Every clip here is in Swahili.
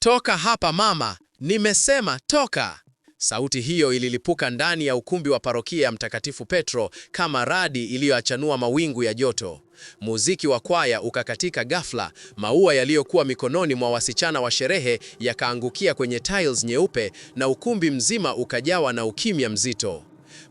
Toka hapa mama, nimesema toka. Sauti hiyo ililipuka ndani ya ukumbi wa parokia ya Mtakatifu Petro kama radi iliyoachanua mawingu ya joto. Muziki wa kwaya ukakatika ghafla, maua yaliyokuwa mikononi mwa wasichana wa sherehe yakaangukia kwenye tiles nyeupe na ukumbi mzima ukajawa na ukimya mzito.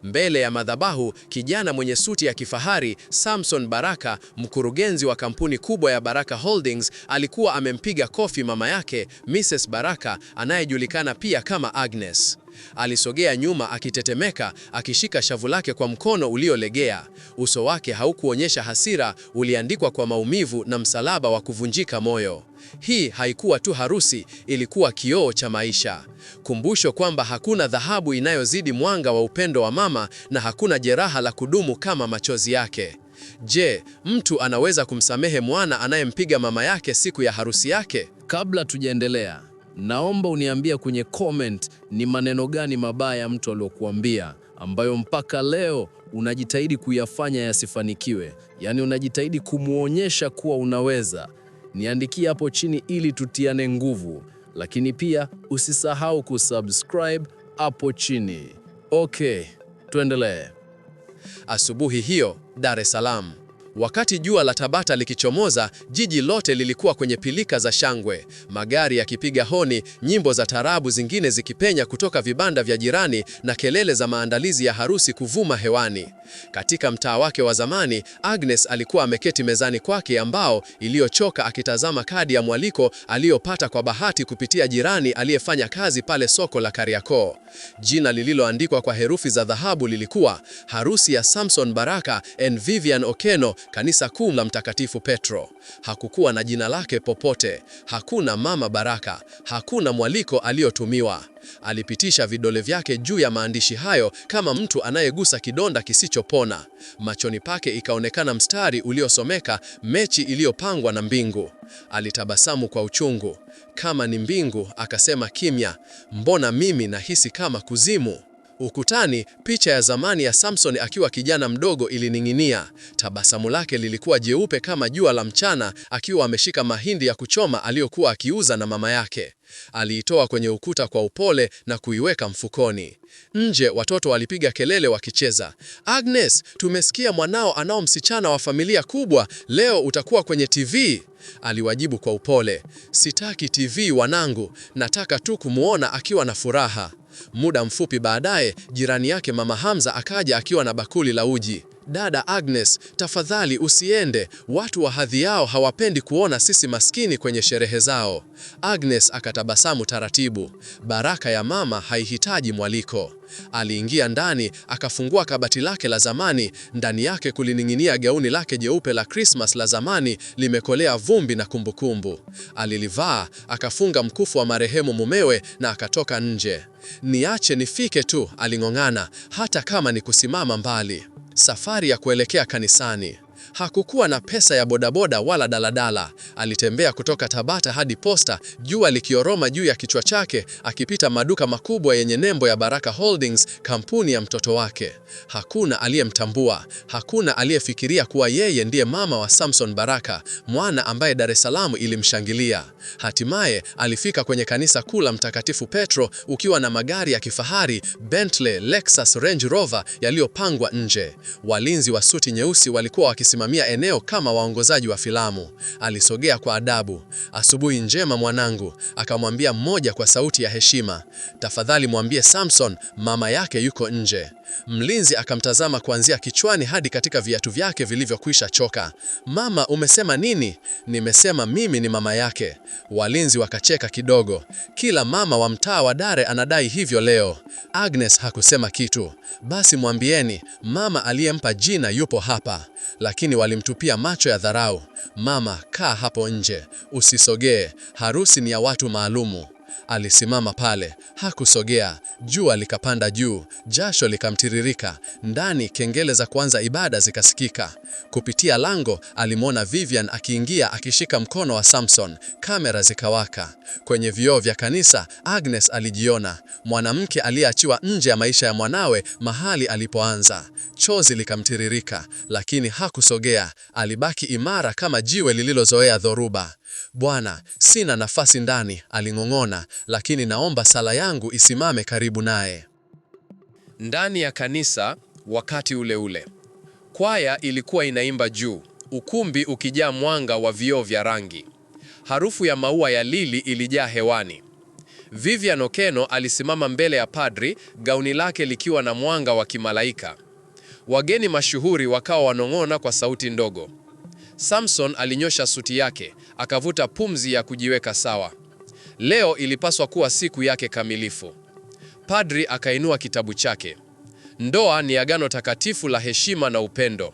Mbele ya madhabahu, kijana mwenye suti ya kifahari Samson Baraka, mkurugenzi wa kampuni kubwa ya Baraka Holdings, alikuwa amempiga kofi mama yake Mrs Baraka, anayejulikana pia kama Agnes. Alisogea nyuma akitetemeka, akishika shavu lake kwa mkono uliolegea. Uso wake haukuonyesha hasira, uliandikwa kwa maumivu na msalaba wa kuvunjika moyo. Hii haikuwa tu harusi, ilikuwa kioo cha maisha, kumbusho kwamba hakuna dhahabu inayozidi mwanga wa upendo wa mama na hakuna jeraha la kudumu kama machozi yake. Je, mtu anaweza kumsamehe mwana anayempiga mama yake siku ya harusi yake? Kabla tujaendelea Naomba uniambia kwenye comment ni maneno gani mabaya mtu aliyokuambia ambayo mpaka leo unajitahidi kuyafanya yasifanikiwe, yaani unajitahidi kumwonyesha kuwa unaweza. Niandikie hapo chini ili tutiane nguvu, lakini pia usisahau kusubscribe hapo chini. Okay, tuendelee. Asubuhi hiyo Dar es Salaam. Wakati jua la Tabata likichomoza, jiji lote lilikuwa kwenye pilika za shangwe, magari yakipiga honi, nyimbo za tarabu zingine zikipenya kutoka vibanda vya jirani na kelele za maandalizi ya harusi kuvuma hewani. Katika mtaa wake wa zamani, Agnes alikuwa ameketi mezani kwake ambao iliyochoka, akitazama kadi ya mwaliko aliyopata kwa bahati kupitia jirani aliyefanya kazi pale soko la Kariakoo. Jina lililoandikwa kwa herufi za dhahabu lilikuwa harusi ya Samson Baraka and Vivian Okeno kanisa kuu la Mtakatifu Petro. Hakukuwa na jina lake popote, hakuna Mama Baraka, hakuna mwaliko aliyotumiwa. Alipitisha vidole vyake juu ya maandishi hayo kama mtu anayegusa kidonda kisichopona. Machoni pake ikaonekana mstari uliosomeka mechi iliyopangwa na mbingu. Alitabasamu kwa uchungu. Kama ni mbingu, akasema kimya, mbona mimi nahisi kama kuzimu? Ukutani, picha ya zamani ya Samson akiwa kijana mdogo ilining'inia. Tabasamu lake lilikuwa jeupe kama jua la mchana, akiwa ameshika mahindi ya kuchoma aliyokuwa akiuza na mama yake. Aliitoa kwenye ukuta kwa upole na kuiweka mfukoni. Nje watoto walipiga kelele wakicheza. Agnes, tumesikia mwanao anao msichana wa familia kubwa, leo utakuwa kwenye TV. Aliwajibu kwa upole, sitaki TV wanangu, nataka tu kumwona akiwa na furaha. Muda mfupi baadaye, jirani yake mama Hamza akaja akiwa na bakuli la uji. Dada Agnes, tafadhali usiende, watu wa hadhi yao hawapendi kuona sisi maskini kwenye sherehe zao. Agnes akatabasamu taratibu. Baraka ya mama haihitaji mwaliko. Aliingia ndani, akafungua kabati lake la zamani. Ndani yake kulining'inia gauni lake jeupe la Christmas la zamani, limekolea vumbi na kumbukumbu. Alilivaa, akafunga mkufu wa marehemu mumewe na akatoka nje. Niache nifike tu, aling'ong'ana, hata kama ni kusimama mbali. Safari ya kuelekea kanisani. Hakukuwa na pesa ya bodaboda wala daladala. Alitembea kutoka Tabata hadi Posta, jua likioroma juu ya kichwa chake, akipita maduka makubwa yenye nembo ya Baraka Holdings, kampuni ya mtoto wake. Hakuna aliyemtambua, hakuna aliyefikiria kuwa yeye ndiye mama wa Samson Baraka, mwana ambaye Dar es Salaam ilimshangilia. Hatimaye alifika kwenye kanisa kuu la Mtakatifu Petro ukiwa na magari ya kifahari, Bentley, Lexus, Range Rover yaliyopangwa nje. Walinzi wa suti nyeusi walikuwa wakisimamia kusimamia eneo kama waongozaji wa filamu. Alisogea kwa adabu. Asubuhi njema mwanangu, akamwambia mmoja kwa sauti ya heshima. Tafadhali mwambie Samson mama yake yuko nje. Mlinzi akamtazama kuanzia kichwani hadi katika viatu vyake vilivyokwisha choka. Mama, umesema nini? Nimesema mimi ni mama yake. Walinzi wakacheka kidogo. Kila mama wa mtaa wa Dare anadai hivyo leo. Agnes hakusema kitu. Basi mwambieni mama aliyempa jina yupo hapa. Lakini lakini walimtupia macho ya dharau. Mama, kaa hapo nje, usisogee, harusi ni ya watu maalumu. Alisimama pale, hakusogea, Jua likapanda juu, jasho likamtiririka. Ndani kengele za kwanza ibada zikasikika. Kupitia lango alimwona Vivian akiingia akishika mkono wa Samson. Kamera zikawaka. Kwenye vioo vya kanisa Agnes alijiona, mwanamke aliyeachiwa nje ya maisha ya mwanawe mahali alipoanza. Chozi likamtiririka, lakini hakusogea. Alibaki imara kama jiwe lililozoea dhoruba. Bwana, sina nafasi ndani, aling'ong'ona, lakini naomba sala yangu isimame karibu naye. Ndani ya kanisa, wakati ule ule, kwaya ilikuwa inaimba juu, ukumbi ukijaa mwanga wa vioo vya rangi. Harufu ya maua ya lili ilijaa hewani. Vivian Okeno alisimama mbele ya padri, gauni lake likiwa na mwanga wa kimalaika. Wageni mashuhuri wakawa wanong'ona kwa sauti ndogo. Samson alinyosha suti yake, akavuta pumzi ya kujiweka sawa. Leo ilipaswa kuwa siku yake kamilifu. Padri akainua kitabu chake. Ndoa ni agano takatifu la heshima na upendo.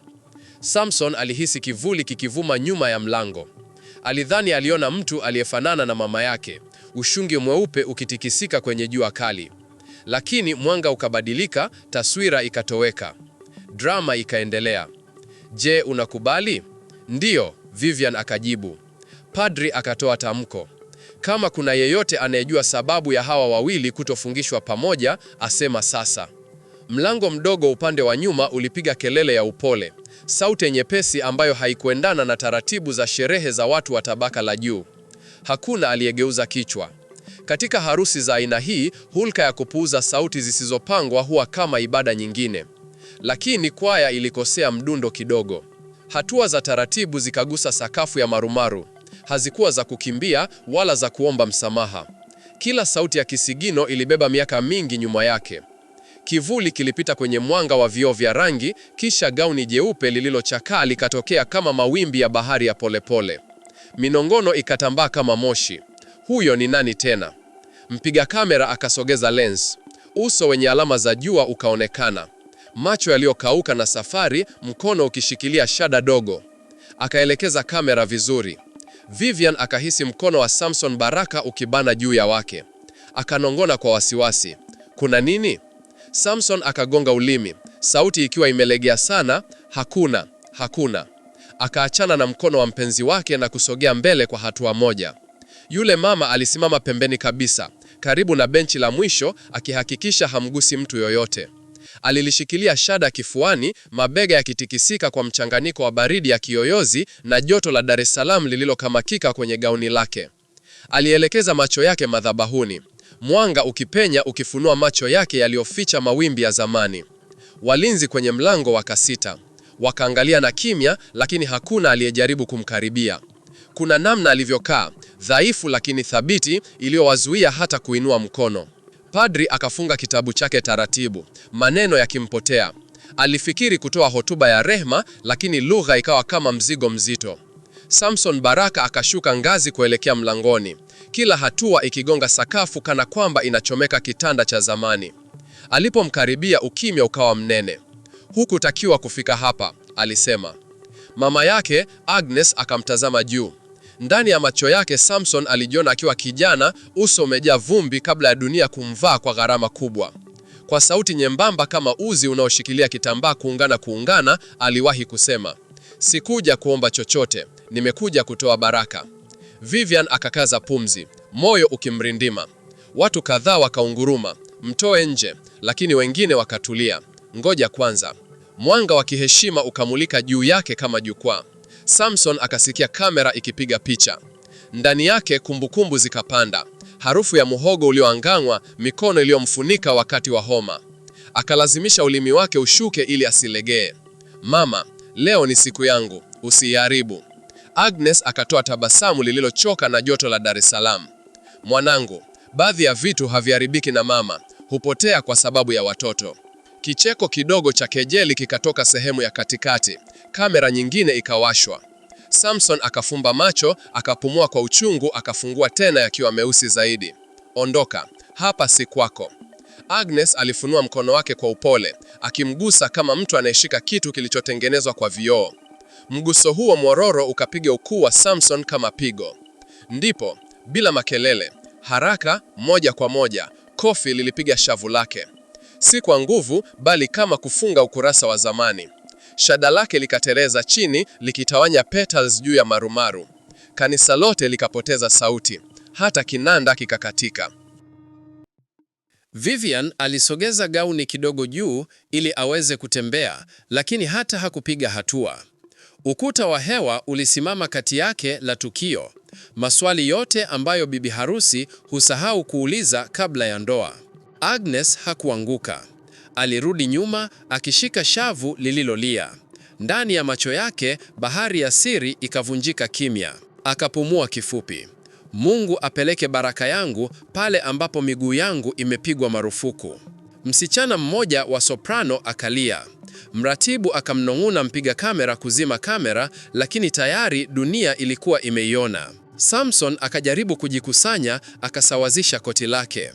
Samson alihisi kivuli kikivuma nyuma ya mlango. Alidhani aliona mtu aliyefanana na mama yake, ushungi mweupe ukitikisika kwenye jua kali. Lakini mwanga ukabadilika, taswira ikatoweka. Drama ikaendelea. Je, unakubali? Ndiyo, Vivian akajibu. Padri akatoa tamko, kama kuna yeyote anayejua sababu ya hawa wawili kutofungishwa pamoja, asema sasa. Mlango mdogo upande wa nyuma ulipiga kelele ya upole, sauti nyepesi ambayo haikuendana na taratibu za sherehe za watu wa tabaka la juu. Hakuna aliyegeuza kichwa. Katika harusi za aina hii, hulka ya kupuuza sauti zisizopangwa huwa kama ibada nyingine. Lakini kwaya ilikosea mdundo kidogo. Hatua za taratibu zikagusa sakafu ya marumaru. Hazikuwa za kukimbia wala za kuomba msamaha. Kila sauti ya kisigino ilibeba miaka mingi nyuma yake. Kivuli kilipita kwenye mwanga wa vioo vya rangi, kisha gauni jeupe lililochakaa likatokea kama mawimbi ya bahari ya polepole pole. Minongono ikatambaa kama moshi. Huyo ni nani tena? Mpiga kamera akasogeza lens. Uso wenye alama za jua ukaonekana macho yaliyokauka na safari, mkono ukishikilia shada dogo. Akaelekeza kamera vizuri. Vivian akahisi mkono wa Samson Baraka ukibana juu ya wake. Akanongona kwa wasiwasi, kuna nini? Samson akagonga ulimi, sauti ikiwa imelegea sana, hakuna, hakuna. Akaachana na mkono wa mpenzi wake na kusogea mbele kwa hatua moja. Yule mama alisimama pembeni kabisa, karibu na benchi la mwisho, akihakikisha hamgusi mtu yoyote. Alilishikilia shada kifuani, mabega yakitikisika kwa mchanganyiko wa baridi ya kiyoyozi na joto la Dar es Salaam lililokamakika kwenye gauni lake. Alielekeza macho yake madhabahuni, mwanga ukipenya ukifunua macho yake yaliyoficha mawimbi ya zamani. Walinzi kwenye mlango wakasita, wakaangalia na kimya, lakini hakuna aliyejaribu kumkaribia. Kuna namna alivyokaa dhaifu lakini thabiti, iliyowazuia hata kuinua mkono. Padri akafunga kitabu chake taratibu, maneno yakimpotea. Alifikiri kutoa hotuba ya rehma, lakini lugha ikawa kama mzigo mzito. Samson Baraka akashuka ngazi kuelekea mlangoni, kila hatua ikigonga sakafu kana kwamba inachomeka kitanda cha zamani. Alipomkaribia, ukimya ukawa mnene. Hukutakiwa kufika hapa, alisema. Mama yake Agnes akamtazama juu. Ndani ya macho yake Samson alijiona akiwa kijana, uso umejaa vumbi kabla ya dunia kumvaa kwa gharama kubwa. Kwa sauti nyembamba kama uzi unaoshikilia kitambaa kuungana kuungana, aliwahi kusema, sikuja kuomba chochote, nimekuja kutoa baraka. Vivian akakaza pumzi, moyo ukimrindima. Watu kadhaa wakaunguruma, mtoe nje, lakini wengine wakatulia, ngoja kwanza. Mwanga wa kiheshima ukamulika juu yake kama jukwaa. Samson akasikia kamera ikipiga picha. Ndani yake kumbukumbu zikapanda, harufu ya muhogo ulioangangwa, mikono iliyomfunika wakati wa homa. Akalazimisha ulimi wake ushuke ili asilegee. Mama, leo ni siku yangu, usiiharibu. Agnes akatoa tabasamu lililochoka na joto la Dar es Salaam. Mwanangu, baadhi ya vitu haviharibiki na mama, hupotea kwa sababu ya watoto. Kicheko kidogo cha kejeli kikatoka sehemu ya katikati. Kamera nyingine ikawashwa. Samson akafumba macho, akapumua kwa uchungu, akafungua tena yakiwa meusi zaidi. Ondoka hapa, si kwako. Agnes alifunua mkono wake kwa upole, akimgusa kama mtu anayeshika kitu kilichotengenezwa kwa vioo. Mguso huo mwororo ukapiga ukuu wa Samson kama pigo. Ndipo bila makelele, haraka, moja kwa moja, kofi lilipiga shavu lake si kwa nguvu, bali kama kufunga ukurasa wa zamani. Shada lake likatereza chini likitawanya petals juu ya marumaru. Kanisa lote likapoteza sauti, hata kinanda kikakatika. Vivian alisogeza gauni kidogo juu ili aweze kutembea, lakini hata hakupiga hatua. Ukuta wa hewa ulisimama kati yake la tukio, maswali yote ambayo bibi harusi husahau kuuliza kabla ya ndoa. Agnes hakuanguka. Alirudi nyuma akishika shavu lililolia. Ndani ya macho yake bahari ya siri ikavunjika kimya. Akapumua kifupi. Mungu apeleke baraka yangu pale ambapo miguu yangu imepigwa marufuku. Msichana mmoja wa soprano akalia. Mratibu akamnong'una mpiga kamera kuzima kamera, lakini tayari dunia ilikuwa imeiona. Samson akajaribu kujikusanya, akasawazisha koti lake.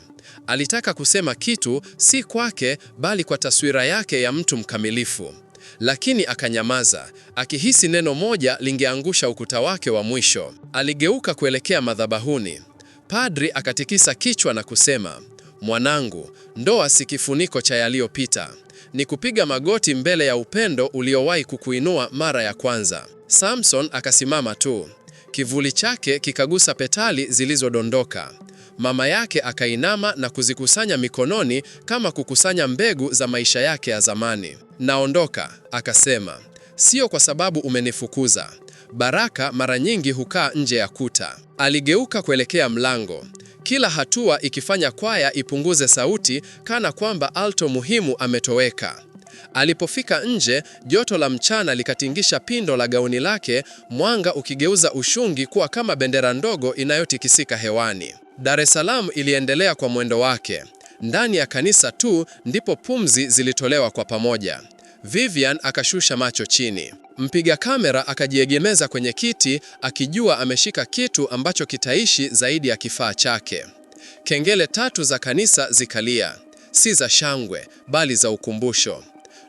Alitaka kusema kitu si kwake, bali kwa taswira yake ya mtu mkamilifu, lakini akanyamaza, akihisi neno moja lingeangusha ukuta wake wa mwisho. Aligeuka kuelekea madhabahuni. Padri akatikisa kichwa na kusema, mwanangu, ndoa si kifuniko cha yaliyopita, ni kupiga magoti mbele ya upendo uliowahi kukuinua mara ya kwanza. Samson akasimama tu, kivuli chake kikagusa petali zilizodondoka mama yake akainama na kuzikusanya mikononi kama kukusanya mbegu za maisha yake ya zamani. Naondoka, akasema, sio kwa sababu umenifukuza. Baraka mara nyingi hukaa nje ya kuta. Aligeuka kuelekea mlango, kila hatua ikifanya kwaya ipunguze sauti, kana kwamba alto muhimu ametoweka. Alipofika nje, joto la mchana likatingisha pindo la gauni lake, mwanga ukigeuza ushungi kuwa kama bendera ndogo inayotikisika hewani. Dar es Salaam iliendelea kwa mwendo wake. Ndani ya kanisa tu ndipo pumzi zilitolewa kwa pamoja. Vivian akashusha macho chini. Mpiga kamera akajiegemeza kwenye kiti akijua ameshika kitu ambacho kitaishi zaidi ya kifaa chake. Kengele tatu za kanisa zikalia, si za shangwe bali za ukumbusho.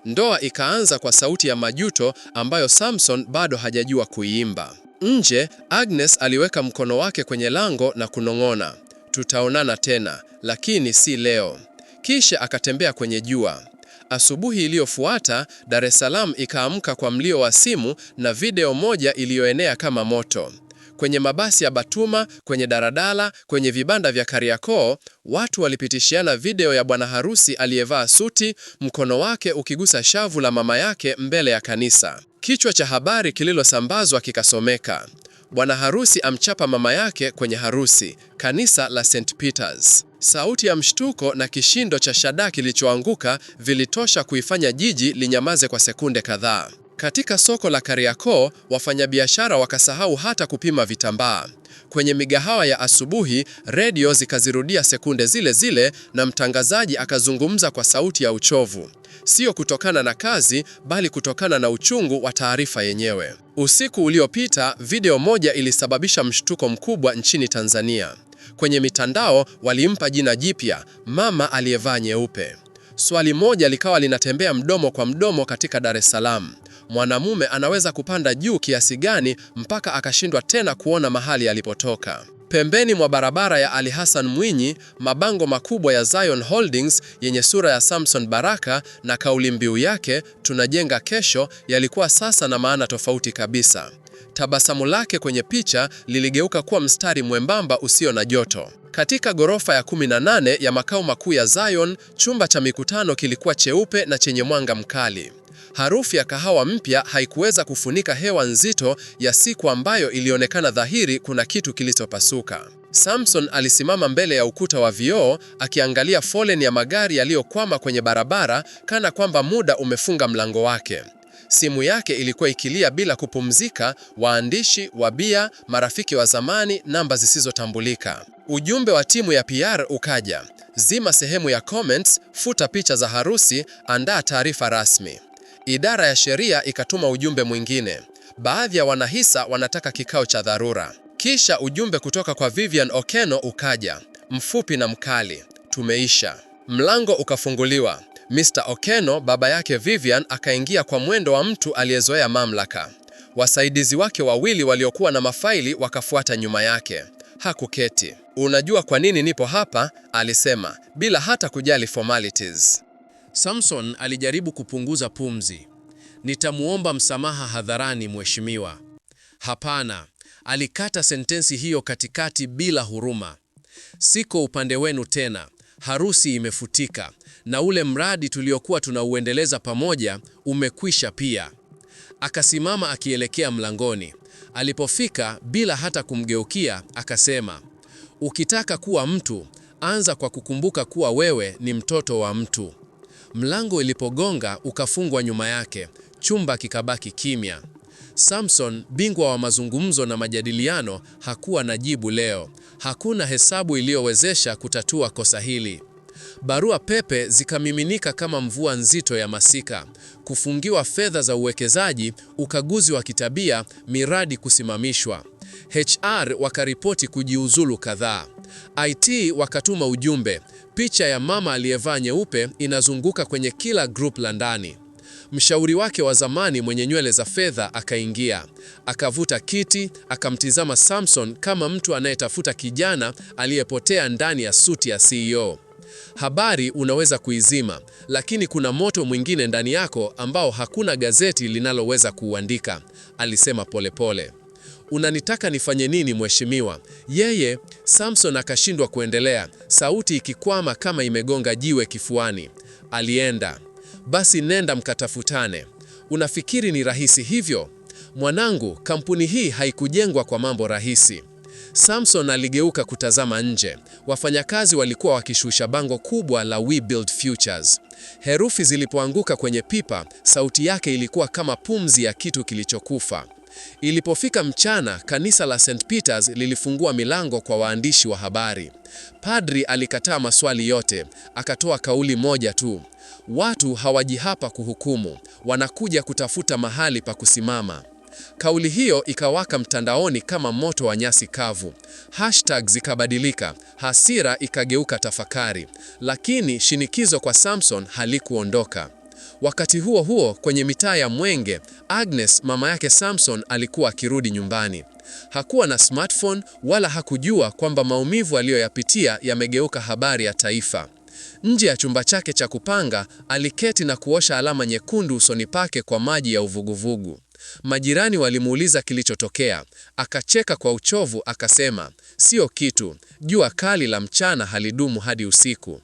Ndoa ikaanza kwa sauti ya majuto ambayo Samson bado hajajua kuiimba. Nje, Agnes aliweka mkono wake kwenye lango na kunong'ona, tutaonana tena, lakini si leo. Kisha akatembea kwenye jua. Asubuhi iliyofuata, Dar es Salaam ikaamka kwa mlio wa simu na video moja iliyoenea kama moto. Kwenye mabasi ya Batuma, kwenye daradala kwenye vibanda vya Kariakoo, watu walipitishiana video ya bwana harusi aliyevaa suti, mkono wake ukigusa shavu la mama yake mbele ya kanisa. Kichwa cha habari kililosambazwa kikasomeka, bwana harusi amchapa mama yake kwenye harusi, kanisa la St Peters. Sauti ya mshtuko na kishindo cha shada kilichoanguka vilitosha kuifanya jiji linyamaze kwa sekunde kadhaa. Katika soko la Kariakoo, wafanyabiashara wakasahau hata kupima vitambaa. Kwenye migahawa ya asubuhi, redio zikazirudia sekunde zile zile na mtangazaji akazungumza kwa sauti ya uchovu. Sio kutokana na kazi, bali kutokana na uchungu wa taarifa yenyewe. Usiku uliopita, video moja ilisababisha mshtuko mkubwa nchini Tanzania. Kwenye mitandao walimpa jina jipya, mama aliyevaa nyeupe. Swali moja likawa linatembea mdomo kwa mdomo katika Dar es Salaam mwanamume anaweza kupanda juu kiasi gani mpaka akashindwa tena kuona mahali alipotoka. Pembeni mwa barabara ya Ali Hassan Mwinyi, mabango makubwa ya Zion Holdings yenye sura ya Samson Baraka na kauli mbiu yake tunajenga kesho yalikuwa sasa na maana tofauti kabisa. Tabasamu lake kwenye picha liligeuka kuwa mstari mwembamba usio na joto. Katika ghorofa ya 18 ya makao makuu ya Zion, chumba cha mikutano kilikuwa cheupe na chenye mwanga mkali. Harufu ya kahawa mpya haikuweza kufunika hewa nzito ya siku ambayo ilionekana dhahiri kuna kitu kilichopasuka. Samson alisimama mbele ya ukuta wa vioo akiangalia foleni ya magari yaliyokwama kwenye barabara kana kwamba muda umefunga mlango wake. Simu yake ilikuwa ikilia bila kupumzika, waandishi, wabia, marafiki wa zamani, namba zisizotambulika. Ujumbe wa timu ya PR ukaja: zima sehemu ya comments, futa picha za harusi, andaa taarifa rasmi. Idara ya sheria ikatuma ujumbe mwingine. Baadhi ya wanahisa wanataka kikao cha dharura. Kisha ujumbe kutoka kwa Vivian Okeno ukaja, mfupi na mkali: tumeisha. Mlango ukafunguliwa. Mr. Okeno, baba yake Vivian, akaingia kwa mwendo wa mtu aliyezoea mamlaka. Wasaidizi wake wawili waliokuwa na mafaili wakafuata nyuma yake. Hakuketi. Unajua kwa nini nipo hapa? alisema bila hata kujali formalities. Samson alijaribu kupunguza pumzi. Nitamwomba msamaha hadharani, mheshimiwa. Hapana, alikata sentensi hiyo katikati bila huruma. Siko upande wenu tena, harusi imefutika na ule mradi tuliokuwa tunauendeleza pamoja umekwisha pia. Akasimama akielekea mlangoni. Alipofika, bila hata kumgeukia, akasema, ukitaka kuwa mtu, anza kwa kukumbuka kuwa wewe ni mtoto wa mtu. Mlango ilipogonga ukafungwa nyuma yake, chumba kikabaki kimya. Samson, bingwa wa mazungumzo na majadiliano, hakuwa na jibu leo. Hakuna hesabu iliyowezesha kutatua kosa hili. Barua pepe zikamiminika kama mvua nzito ya masika, kufungiwa fedha za uwekezaji, ukaguzi wa kitabia, miradi kusimamishwa. HR wakaripoti kujiuzulu kadhaa. IT wakatuma ujumbe, picha ya mama aliyevaa nyeupe inazunguka kwenye kila group la ndani. Mshauri wake wa zamani mwenye nywele za fedha akaingia, akavuta kiti, akamtizama Samson kama mtu anayetafuta kijana aliyepotea ndani ya suti ya CEO. Habari unaweza kuizima, lakini kuna moto mwingine ndani yako ambao hakuna gazeti linaloweza kuuandika, alisema polepole pole unanitaka nifanye nini mheshimiwa? Yeye Samson akashindwa kuendelea, sauti ikikwama kama imegonga jiwe kifuani. Alienda. Basi nenda mkatafutane. Unafikiri ni rahisi hivyo? Mwanangu, kampuni hii haikujengwa kwa mambo rahisi. Samson aligeuka kutazama nje. Wafanyakazi walikuwa wakishusha bango kubwa la We Build Futures. Herufi zilipoanguka kwenye pipa, sauti yake ilikuwa kama pumzi ya kitu kilichokufa. Ilipofika mchana, kanisa la St. Peters lilifungua milango kwa waandishi wa habari. Padri alikataa maswali yote, akatoa kauli moja tu: watu hawajihapa kuhukumu, wanakuja kutafuta mahali pa kusimama. Kauli hiyo ikawaka mtandaoni kama moto wa nyasi kavu. Hashtag zikabadilika, hasira ikageuka tafakari, lakini shinikizo kwa Samson halikuondoka. Wakati huo huo, kwenye mitaa ya Mwenge, Agnes mama yake Samson alikuwa akirudi nyumbani. Hakuwa na smartphone wala hakujua kwamba maumivu aliyoyapitia yamegeuka habari ya taifa. Nje ya chumba chake cha kupanga, aliketi na kuosha alama nyekundu usoni pake kwa maji ya uvuguvugu. Majirani walimuuliza kilichotokea, akacheka kwa uchovu akasema, sio kitu, jua kali la mchana halidumu hadi usiku.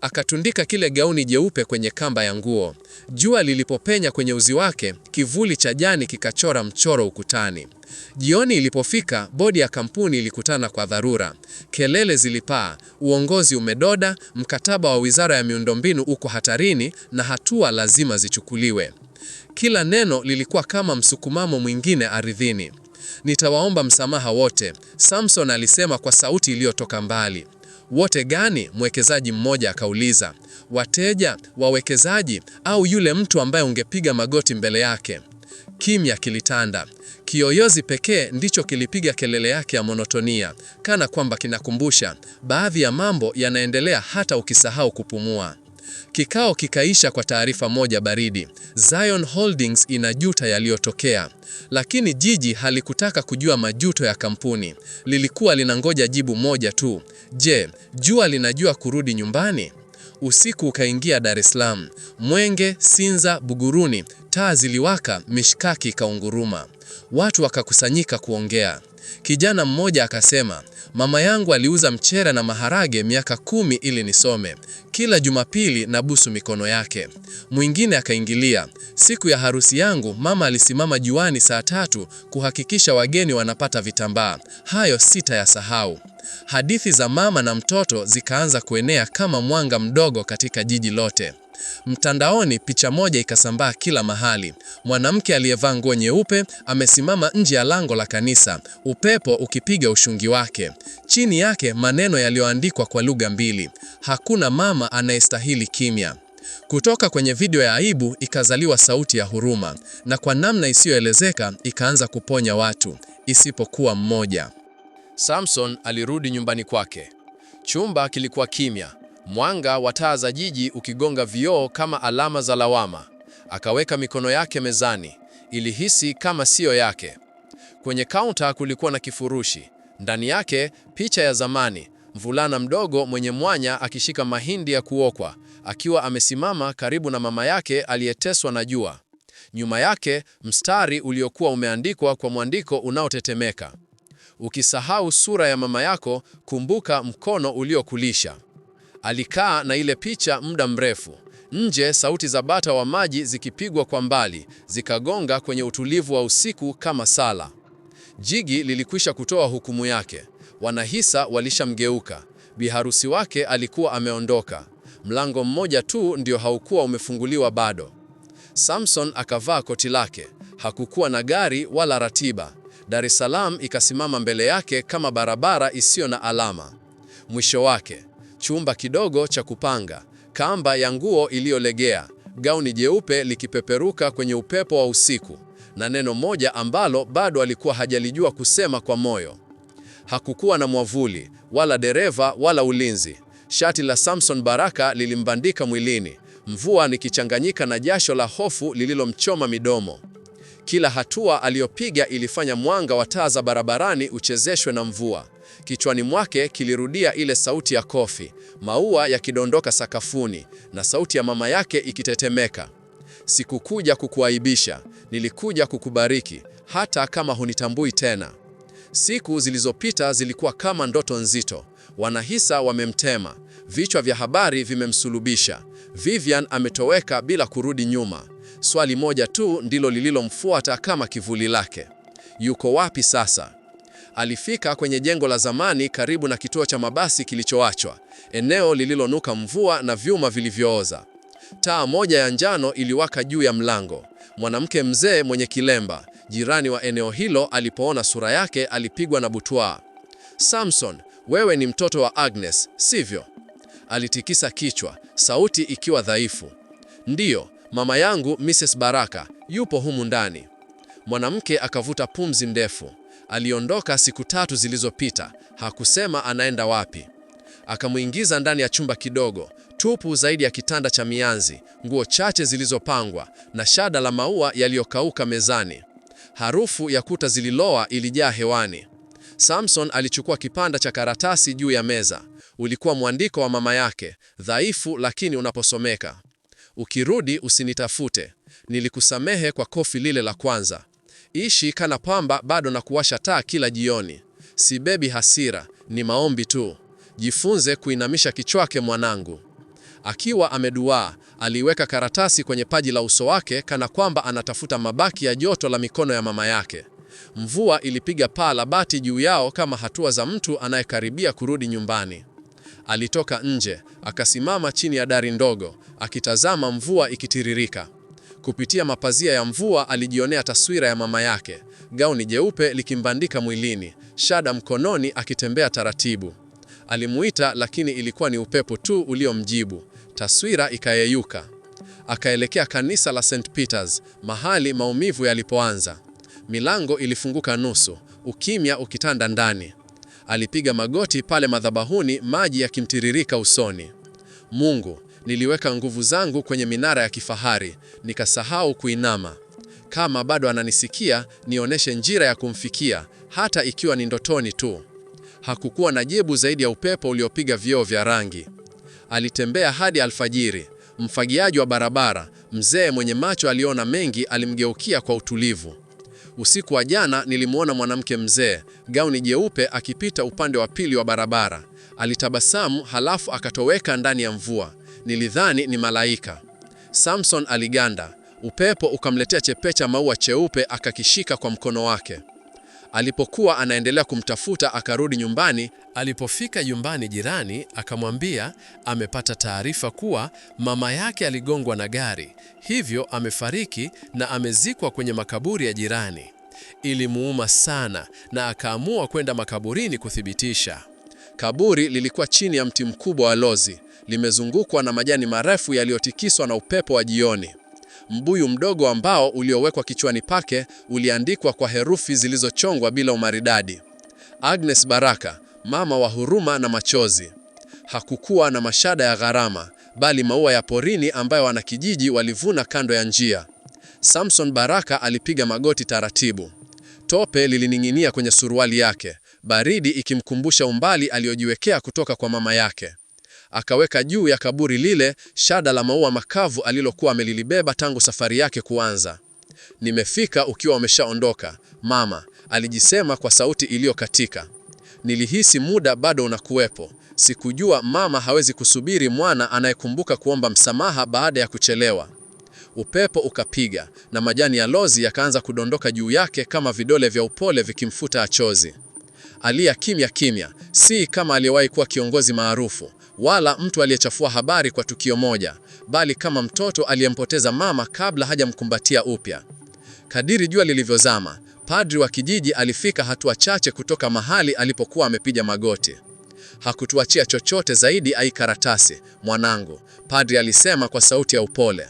Akatundika kile gauni jeupe kwenye kamba ya nguo. Jua lilipopenya kwenye uzi wake, kivuli cha jani kikachora mchoro ukutani. Jioni ilipofika, bodi ya kampuni ilikutana kwa dharura. Kelele zilipaa, uongozi umedoda, mkataba wa Wizara ya Miundombinu uko hatarini na hatua lazima zichukuliwe. Kila neno lilikuwa kama msukumamo mwingine ardhini. Nitawaomba msamaha wote, Samson alisema kwa sauti iliyotoka mbali. Wote gani? Mwekezaji mmoja akauliza. Wateja, wawekezaji, au yule mtu ambaye ungepiga magoti mbele yake? Kimya kilitanda. Kiyoyozi pekee ndicho kilipiga kelele yake ya monotonia, kana kwamba kinakumbusha baadhi ya mambo yanaendelea hata ukisahau kupumua. Kikao kikaisha kwa taarifa moja baridi: Zion Holdings inajuta yaliyotokea, lakini jiji halikutaka kujua majuto ya kampuni. Lilikuwa linangoja jibu moja tu: je, jua linajua kurudi nyumbani? Usiku ukaingia Dar es Salaam, Mwenge, Sinza, Buguruni, taa ziliwaka, mishkaki kaunguruma. Watu wakakusanyika kuongea. Kijana mmoja akasema, mama yangu aliuza mchele na maharage miaka kumi ili nisome. Kila Jumapili nabusu mikono yake. Mwingine akaingilia, siku ya harusi yangu mama alisimama juani saa tatu kuhakikisha wageni wanapata vitambaa. Hayo sitayasahau. Hadithi za mama na mtoto zikaanza kuenea kama mwanga mdogo katika jiji lote. Mtandaoni picha moja ikasambaa kila mahali. Mwanamke aliyevaa nguo nyeupe amesimama nje ya lango la kanisa, upepo ukipiga ushungi wake. Chini yake maneno yaliyoandikwa kwa lugha mbili: hakuna mama anayestahili kimya. Kutoka kwenye video ya aibu ikazaliwa sauti ya huruma, na kwa namna isiyoelezeka ikaanza kuponya watu, isipokuwa mmoja. Samson alirudi nyumbani kwake. Chumba kilikuwa kimya, mwanga wa taa za jiji ukigonga vioo kama alama za lawama. Akaweka mikono yake mezani, ilihisi kama siyo yake. Kwenye kaunta kulikuwa na kifurushi, ndani yake picha ya zamani, mvulana mdogo mwenye mwanya akishika mahindi ya kuokwa, akiwa amesimama karibu na mama yake aliyeteswa na jua. Nyuma yake mstari uliokuwa umeandikwa kwa mwandiko unaotetemeka: ukisahau sura ya mama yako, kumbuka mkono uliokulisha. Alikaa na ile picha muda mrefu. Nje sauti za bata wa maji zikipigwa kwa mbali, zikagonga kwenye utulivu wa usiku kama sala. Jigi lilikwisha kutoa hukumu yake. Wanahisa walishamgeuka. Biharusi wake alikuwa ameondoka. Mlango mmoja tu ndio haukuwa umefunguliwa bado. Samson akavaa koti lake. Hakukuwa na gari wala ratiba. Dar es Salaam ikasimama mbele yake kama barabara isiyo na alama. Mwisho wake chumba kidogo cha kupanga, kamba ya nguo iliyolegea, gauni jeupe likipeperuka kwenye upepo wa usiku, na neno moja ambalo bado alikuwa hajalijua kusema kwa moyo. Hakukuwa na mwavuli wala dereva wala ulinzi. Shati la Samson Baraka lilimbandika mwilini, mvua nikichanganyika na jasho la hofu lililomchoma midomo. Kila hatua aliyopiga ilifanya mwanga wa taa za barabarani uchezeshwe na mvua. Kichwani mwake kilirudia ile sauti ya kofi, maua yakidondoka sakafuni, na sauti ya mama yake ikitetemeka. Sikukuja kukuaibisha, nilikuja kukubariki, hata kama hunitambui tena. Siku zilizopita zilikuwa kama ndoto nzito. Wanahisa wamemtema, vichwa vya habari vimemsulubisha, Vivian ametoweka bila kurudi nyuma. Swali moja tu ndilo lililomfuata kama kivuli lake. Yuko wapi sasa? Alifika kwenye jengo la zamani karibu na kituo cha mabasi kilichoachwa, eneo lililonuka mvua na vyuma vilivyooza. Taa moja ya njano iliwaka juu ya mlango. Mwanamke mzee mwenye kilemba, jirani wa eneo hilo, alipoona sura yake alipigwa na butwaa. Samson, wewe ni mtoto wa Agnes, sivyo? Alitikisa kichwa, sauti ikiwa dhaifu. Ndiyo, mama yangu Mrs. Baraka yupo humu ndani. Mwanamke akavuta pumzi ndefu. Aliondoka siku tatu zilizopita, hakusema anaenda wapi. Akamwingiza ndani ya chumba kidogo tupu zaidi ya kitanda cha mianzi, nguo chache zilizopangwa na shada la maua yaliyokauka mezani. Harufu ya kuta zililoa ilijaa hewani. Samson alichukua kipanda cha karatasi juu ya meza. Ulikuwa mwandiko wa mama yake, dhaifu lakini unaposomeka. Ukirudi usinitafute, nilikusamehe kwa kofi lile la kwanza. Ishi kana kwamba bado na kuwasha taa kila jioni. Sibebi hasira, ni maombi tu. Jifunze kuinamisha kichwake, mwanangu. Akiwa ameduaa, aliweka karatasi kwenye paji la uso wake kana kwamba anatafuta mabaki ya joto la mikono ya mama yake. Mvua ilipiga paa la bati juu yao kama hatua za mtu anayekaribia kurudi nyumbani. Alitoka nje akasimama chini ya dari ndogo akitazama mvua ikitiririka. Kupitia mapazia ya mvua alijionea taswira ya mama yake, gauni jeupe likimbandika mwilini, shada mkononi, akitembea taratibu. Alimuita, lakini ilikuwa ni upepo tu uliomjibu. Taswira ikayeyuka. Akaelekea kanisa la St Peters, mahali maumivu yalipoanza. Milango ilifunguka nusu, ukimya ukitanda ndani. Alipiga magoti pale madhabahuni, maji yakimtiririka usoni. Mungu, niliweka nguvu zangu kwenye minara ya kifahari, nikasahau kuinama. Kama bado ananisikia, nionyeshe njira ya kumfikia, hata ikiwa ni ndotoni tu. Hakukuwa na jibu zaidi ya upepo uliopiga vioo vya rangi. Alitembea hadi alfajiri. Mfagiaji wa barabara, mzee mwenye macho aliona mengi, alimgeukia kwa utulivu. Usiku wa jana nilimwona mwanamke mzee, gauni jeupe, akipita upande wa pili wa barabara. Alitabasamu halafu akatoweka ndani ya mvua. Nilidhani ni malaika. Samson aliganda. Upepo ukamletea chepecha maua cheupe, akakishika kwa mkono wake. Alipokuwa anaendelea kumtafuta, akarudi nyumbani. Alipofika nyumbani, jirani akamwambia amepata taarifa kuwa mama yake aligongwa na gari, hivyo amefariki na amezikwa kwenye makaburi ya jirani. Ilimuuma sana na akaamua kwenda makaburini kuthibitisha. Kaburi lilikuwa chini ya mti mkubwa wa lozi, limezungukwa na majani marefu yaliyotikiswa na upepo wa jioni mbuyu mdogo ambao uliowekwa kichwani pake uliandikwa kwa herufi zilizochongwa bila umaridadi: Agnes Baraka, mama wa huruma na machozi. Hakukuwa na mashada ya gharama, bali maua ya porini ambayo wanakijiji walivuna kando ya njia. Samson Baraka alipiga magoti taratibu. Tope lilining'inia kwenye suruali yake, baridi ikimkumbusha umbali aliyojiwekea kutoka kwa mama yake akaweka juu ya kaburi lile shada la maua makavu alilokuwa amelilibeba tangu safari yake kuanza. Nimefika ukiwa umeshaondoka mama, alijisema kwa sauti iliyokatika. Nilihisi muda bado unakuwepo. Sikujua mama hawezi kusubiri mwana anayekumbuka kuomba msamaha baada ya kuchelewa. Upepo ukapiga na majani ya lozi yakaanza kudondoka juu yake kama vidole vya upole vikimfuta achozi. Alia kimya kimya, si kama aliyewahi kuwa kiongozi maarufu, wala mtu aliyechafua habari kwa tukio moja, bali kama mtoto aliyempoteza mama kabla hajamkumbatia upya. Kadiri jua lilivyozama, padri wa kijiji alifika hatua chache kutoka mahali alipokuwa amepiga magoti. Hakutuachia chochote zaidi ai karatasi, mwanangu, padri alisema kwa sauti ya upole.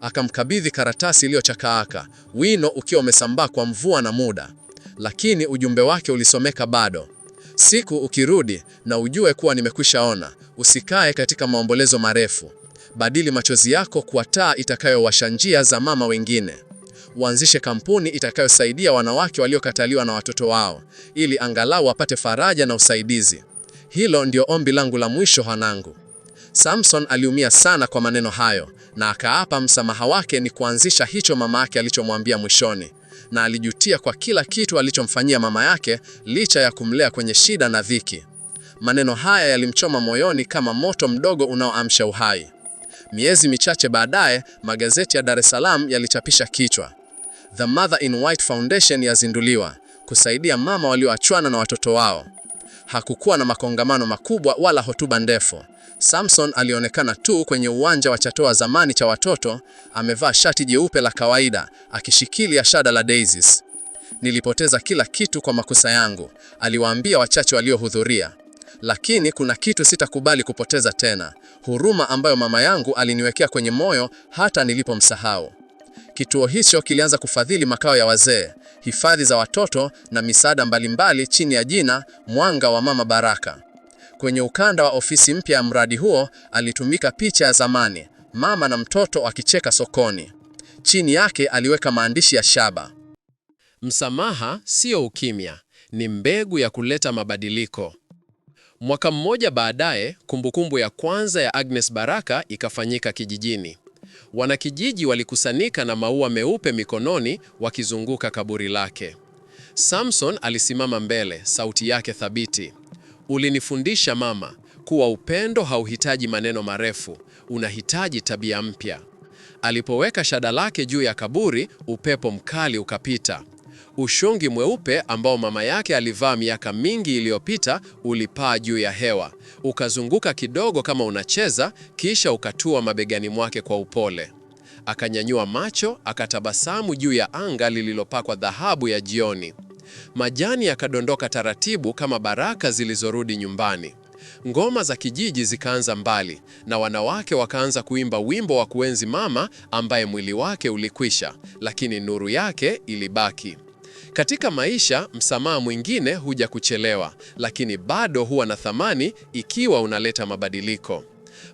Akamkabidhi karatasi iliyochakaaka, wino ukiwa umesambaa kwa mvua na muda, lakini ujumbe wake ulisomeka bado. Siku ukirudi na ujue kuwa nimekwishaona. Usikae katika maombolezo marefu, badili machozi yako kwa taa itakayowasha njia za mama wengine. Uanzishe kampuni itakayosaidia wanawake waliokataliwa na watoto wao, ili angalau wapate faraja na usaidizi. Hilo ndio ombi langu la mwisho, Hanangu. Samson aliumia sana kwa maneno hayo na akaapa msamaha wake ni kuanzisha hicho mama yake alichomwambia mwishoni na alijutia kwa kila kitu alichomfanyia mama yake licha ya kumlea kwenye shida na dhiki. Maneno haya yalimchoma moyoni kama moto mdogo unaoamsha uhai. Miezi michache baadaye, magazeti ya Dar es Salaam yalichapisha kichwa, The Mother in White Foundation yazinduliwa kusaidia mama walioachwana na watoto wao. Hakukuwa na makongamano makubwa wala hotuba ndefu. Samson alionekana tu kwenye uwanja wa chatoa zamani cha watoto, amevaa shati jeupe la kawaida, akishikilia shada la daisies. Nilipoteza kila kitu kwa makosa yangu, aliwaambia wachache waliohudhuria. Lakini kuna kitu sitakubali kupoteza tena, huruma ambayo mama yangu aliniwekea kwenye moyo hata nilipomsahau. Kituo hicho kilianza kufadhili makao ya wazee, hifadhi za watoto na misaada mbalimbali chini ya jina Mwanga wa Mama Baraka. Kwenye ukanda wa ofisi mpya ya mradi huo alitumika picha ya zamani, mama na mtoto akicheka sokoni. Chini yake aliweka maandishi ya shaba: msamaha sio ukimya, ni mbegu ya kuleta mabadiliko. Mwaka mmoja baadaye, kumbukumbu ya kwanza ya Agnes Baraka ikafanyika kijijini. Wanakijiji walikusanyika na maua meupe mikononi, wakizunguka kaburi lake. Samson alisimama mbele, sauti yake thabiti. Ulinifundisha mama kuwa upendo hauhitaji maneno marefu, unahitaji tabia mpya. Alipoweka shada lake juu ya kaburi, upepo mkali ukapita. Ushungi mweupe ambao mama yake alivaa miaka mingi iliyopita ulipaa juu ya hewa, ukazunguka kidogo kama unacheza, kisha ukatua mabegani mwake kwa upole. Akanyanyua macho, akatabasamu juu ya anga lililopakwa dhahabu ya jioni. Majani yakadondoka taratibu kama baraka zilizorudi nyumbani. Ngoma za kijiji zikaanza mbali na wanawake wakaanza kuimba wimbo wa kuenzi mama ambaye mwili wake ulikwisha, lakini nuru yake ilibaki. Katika maisha, msamaha mwingine huja kuchelewa, lakini bado huwa na thamani ikiwa unaleta mabadiliko.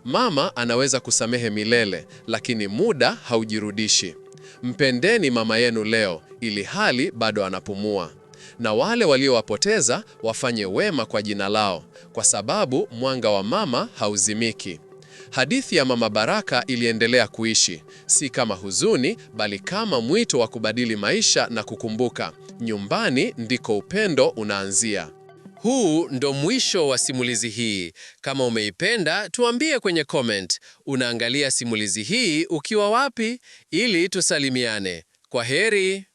Mama anaweza kusamehe milele, lakini muda haujirudishi. Mpendeni mama yenu leo ili hali bado anapumua na wale waliowapoteza wafanye wema kwa jina lao, kwa sababu mwanga wa mama hauzimiki. Hadithi ya Mama Baraka iliendelea kuishi, si kama huzuni, bali kama mwito wa kubadili maisha na kukumbuka, nyumbani ndiko upendo unaanzia. Huu ndo mwisho wa simulizi hii. Kama umeipenda, tuambie kwenye comment. Unaangalia simulizi hii ukiwa wapi? Ili tusalimiane. Kwa heri.